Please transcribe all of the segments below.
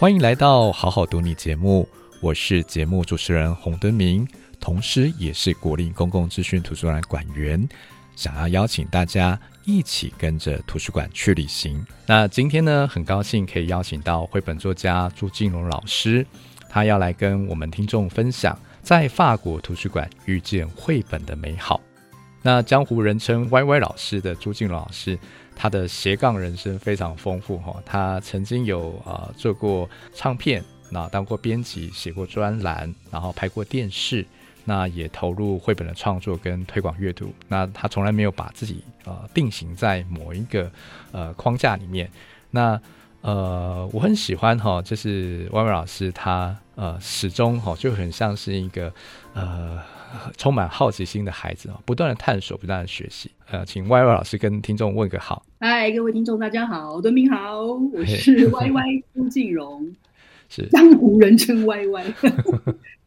歡迎來到《好好讀你》節目，我是節目主持人洪敦明，同時也是國立公共資訊圖書館館員，想要邀請大家一起跟着圖書館去旅行。那今天呢，很高興可以邀請到繪本作家朱靜容老師，他要來跟我們聽眾分享在法國圖書館遇見繪本的美好。那江湖人稱“歪歪”老師的朱靜容老師，他的斜槓人生非常豐富哈。他曾經有啊、呃、做過唱片，那當過編輯，寫過專欄，然後拍過電視，那也投入繪本的創作跟推廣閱讀。那他從來沒有把自己啊、呃，定型在某一個呃框架裡面。那呃我很喜歡哈、呃，就是“歪歪”老師他。呃，始終哈、哦、就很像是一個呃充滿好奇心的孩子啊、哦，不斷的探索，不斷的學習。呃，請 Y Y 老師跟聽眾問個好。嗨，各位聽眾，大家好，敦明好，我是 Y Y 朱靜容，是江湖人稱 Y Y。是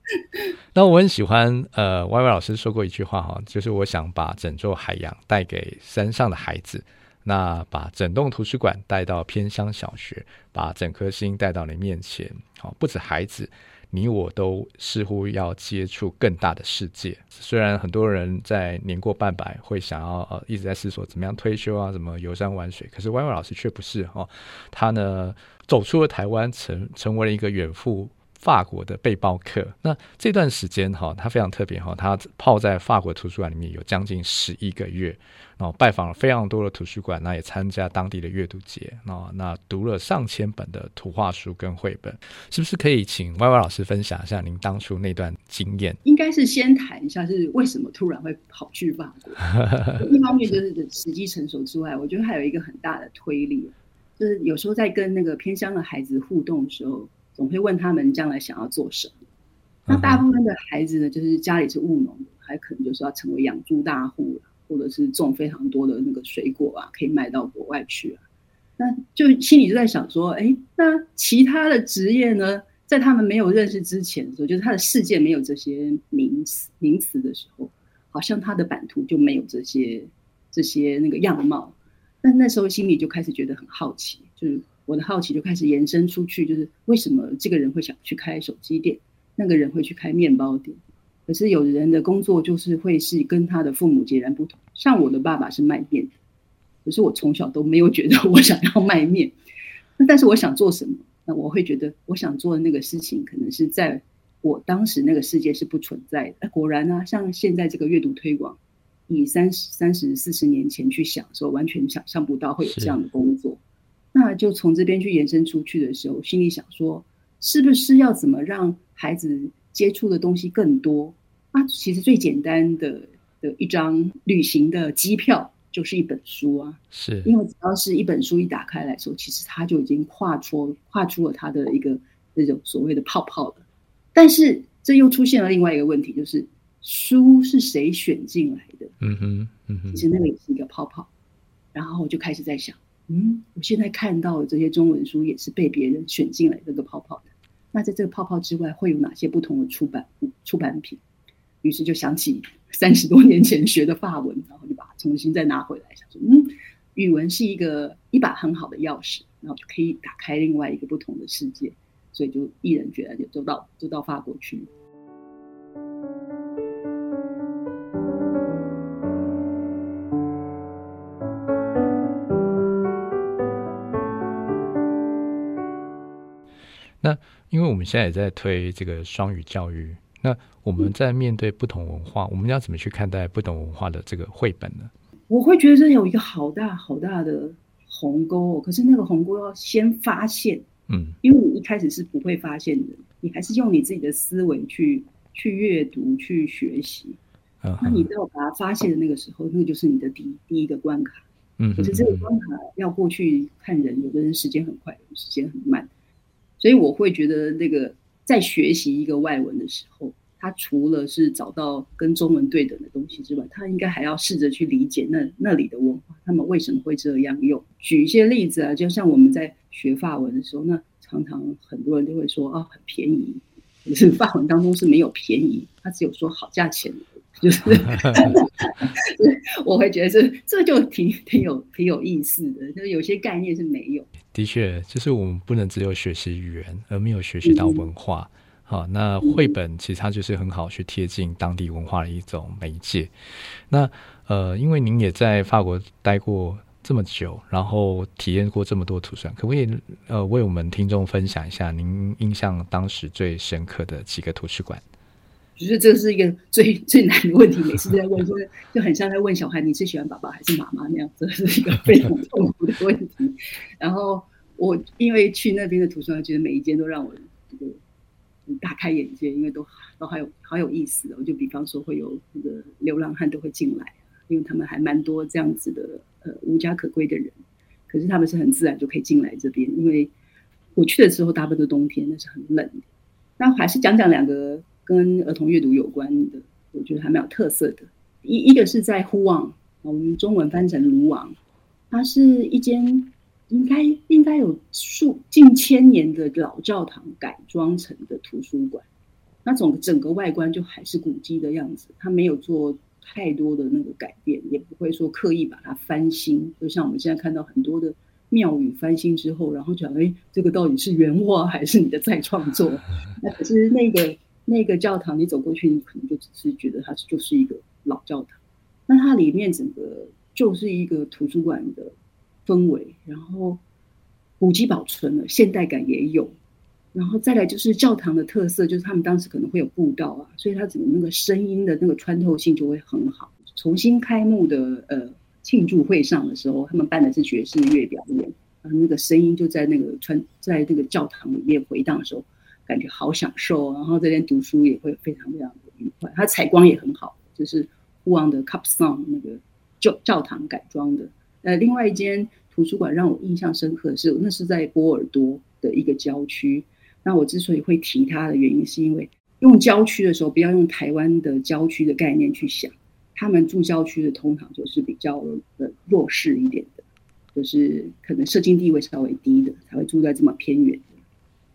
那我很喜歡呃 Y Y 老師說過一句話哈，就是我想把整座海洋帶給山上的孩子。那把整棟圖書館帶到偏鄉小學，把整顆心帶到你面前。好，不止孩子，你我都似乎要接觸更大的世界。雖然很多人在年過半百會想要呃一直在思索怎麼樣退休啊，怎麼遊山玩水，可是 YY 老師卻不是哦。他呢走出了台灣，成成為了一個遠赴。法國的背包客，那這段時間哈、哦，他非常特別哈、哦，他泡在法國圖書館裡面有將近十一個月，哦，拜訪了非常多的圖書館，那也參加當地的閱讀節，啊、哦，那讀了上千本的圖畫書跟繪本，是不是可以請歪歪老師分享一下您當初那段經驗？應該是先談一下是為什麼突然會跑去法國， 一方面就是時機成熟之外，我覺得還有一個很大的推力，就是有時候在跟那個偏鄉的孩子互動的時候。總會問他們將來想要做什麼？那大部分的孩子呢，就是家裡是務農的，還可能就是要成為養豬大戶，或者是種非常多的那個水果啊，可以賣到國外去啊。那就心裡就在想說，哎，那其他的職業呢，在他們沒有認識之前的時候，就是他的世界沒有這些名詞，名詞的時候，好像他的版圖就沒有這些這些那個樣貌。那那時候心裡就開始覺得很好奇，就是。我的好奇就開始延伸出去，就是為什麼這個人會想去開手機店，那個人會去開麵包店？可是有的人的工作就是會是跟他的父母截然不同，像我的爸爸是賣麵的，可是我從小都沒有覺得我想要賣麵。那但是我想做什麼？那我會覺得我想做的那個事情，可能是在我當時那個世界是不存在的。果然啊，像現在這個閱讀推廣，你三十，三十，四十年前去想，說完全想象不到會有這樣的工作。那就從這邊去延伸出去的時候，心裡想說，是不是要怎麼讓孩子接觸的東西更多？那、啊，其實最簡單的的一張旅行的機票就是一本書啊，是因為只要是一本書一打開來說，其實他就已經畫出畫出了他的一個那種所謂的泡泡了。但是這又出現了另外一個問題，就是書是誰選進來的？嗯哼，嗯哼，其實那個也是一個泡泡。然後我就開始在想。嗯，我現在看到的這些中文書也是被別人選進來這個泡泡的。那在這個泡泡之外，會有哪些不同的出版物、出版品？於是就想起三十多年前學的法文， 然後就把它重新再拿回來，想說，嗯，語文是一個一把很好的鑰匙，然後就可以打開另外一個不同的世界。所以就毅然決然的就到就到法國去。那因為我們現在也在推這個雙語教育，那我們在面對不同文化，嗯、我們要怎麼去看待不同文化的這個繪本呢？我會覺得這有一個好大好大的鴻溝，可是那個鴻溝要先發現，嗯，因為你一開始是不會發現的，你還是用你自己的思維去去閱讀、去學習，啊、嗯嗯嗯，那你到達發現的那個時候，那個就是你的第一第一個關卡，嗯，嗯，嗯，可是這個關卡要過去看人，有的人時間很快，時間很慢。所以我會覺得，那個在學習一個外文的時候，他除了是找到跟中文對等的東西之外，他應該還要試着去理解那那裡的文化，他們為什麼會這樣用。舉一些例子啊，就像我們在學法文的時候，那常常很多人就會說啊、哦，很便宜，可是法文當中是沒有便宜，他只有說好價錢。 就是，我會覺得這這就挺挺有挺有意思的，就是有些概念是沒有的。的確，就是我們不能只有學習語言，而沒有學習到文化。好、嗯啊，那繪本其實它就是很好去貼近當地文化的一種媒介。嗯、那呃，因為您也在法國待過這麼久，然後體驗過這麼多圖書館，可不可以呃為我們聽眾分享一下您印象當時最深刻的幾個圖書館？我覺得這是一個最最難的問題，每次都在問，就是就很像在問小孩：“你最喜歡爸爸還是媽媽？”那樣子，這是一個非常痛苦的問題。然後我因為去那邊的途中，覺得每一間都讓我這個大開眼界，因為都都還、哦、有好有意思、哦。我就比方說會有那個流浪漢都會進來，因為他們還蠻多這樣子的呃無家可歸的人，可是他們是很自然就可以進來這邊，因為我去的時候大部分都冬天，那是很冷。那還是講講兩個。跟兒童閱讀有關的，我覺得還蠻有特色的。一一個是在呼網，我們中文翻成盧網，它是一間應該應該有數近千年的老教堂改裝成的圖書館，那種整個外觀就還是古蹟的樣子，它沒有做太多的那個改變，也不會說刻意把它翻新，就像我們現在看到很多的廟宇翻新之後，然後講誒，欸，這個到底是原畫還是你的再創作？ 那可是那個。那個教堂，你走過去，你可能就只是覺得它就是一個老教堂。那它裡面整個就是一個圖書館的氛圍，然後古蹟保存了，現代感也有。然後再來就是教堂的特色，就是他們當時可能會有布道啊，所以它整個那個聲音的那個穿透性就會很好。重新開幕的呃慶祝會上的時候，他們辦的是爵士樂表演，然後那個聲音就在那個穿在那個教堂裡面回盪的時候。感覺好享受，然後這邊讀書也會非常非常的愉快。它採光也很好的，就是布昂的 Cup Song 那個教教堂改裝的。呃，另外一間圖書館讓我印象深刻的是，那是在波爾多的一個郊區。那我之所以會提它的原因，是因為用郊區的時候，不要用台灣的郊區的概念去想。他們住郊區的通常就是比較、呃、弱勢一點的，就是可能社經地位稍微低的，才會住在這麼偏遠的。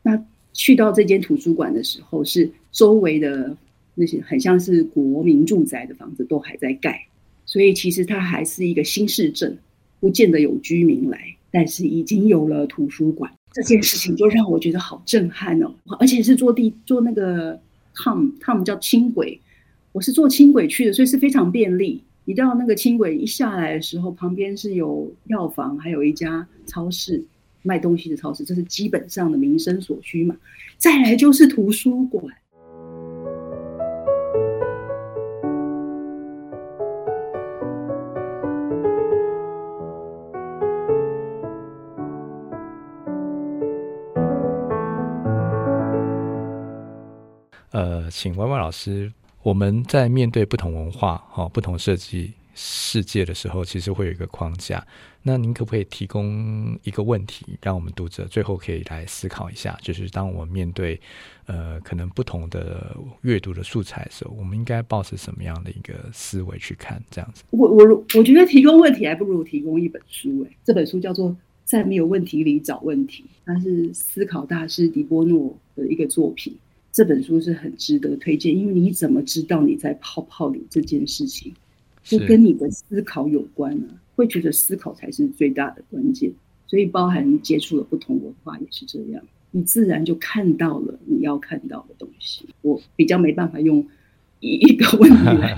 那。去到這間圖書館的時候，是周圍的那些很像是國民住宅的房子都還在蓋，所以其實它還是一個新市鎮，不見得有居民來。但是已經有了圖書館這件事情，就讓我覺得好震撼哦！而且是坐地坐那個 Tom Tom 叫輕軌，我是坐輕軌去的，所以是非常便利。一到那個輕軌一下來的時候，旁邊是有藥房，還有一家超市。賣東西的超市，這是基本上的民生所需嘛。再來就是圖書館。呃，請 YY 老師，我們在面對不同文化、哈、哦、不同設計。世界的時候，其實會有一個框架。那您可不可以提供一個問題，讓我們讀者最後可以來思考一下？就是當我們面對呃可能不同的閱讀的素材的時候，我們應該抱持什麼樣的一個思維去看？這樣子，我我我覺得提供問題還不如提供一本書，欸。這本書叫做《在沒有問題裡找問題》，它是思考大師迪波諾的一個作品。這本書是很值得推薦，因為你怎麼知道你在泡泡裡這件事情？就跟你的思考有關啊，會覺得思考才是最大的關鍵，所以包含接觸了不同文化也是這樣，你自然就看到了你要看到的東西。我比較沒辦法用一個問題來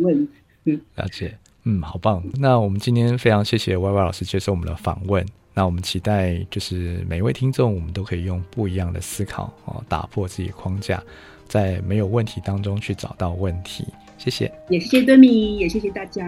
問，嗯， 了解，嗯，好棒。那我們今天非常謝謝 YY 老師接受我們的訪問，那我們期待就是每一位聽眾我們都可以用不一樣的思考啊，打破自己的框架，在沒有問題當中去找到問題。謝謝，也謝謝敦明，也謝謝大家。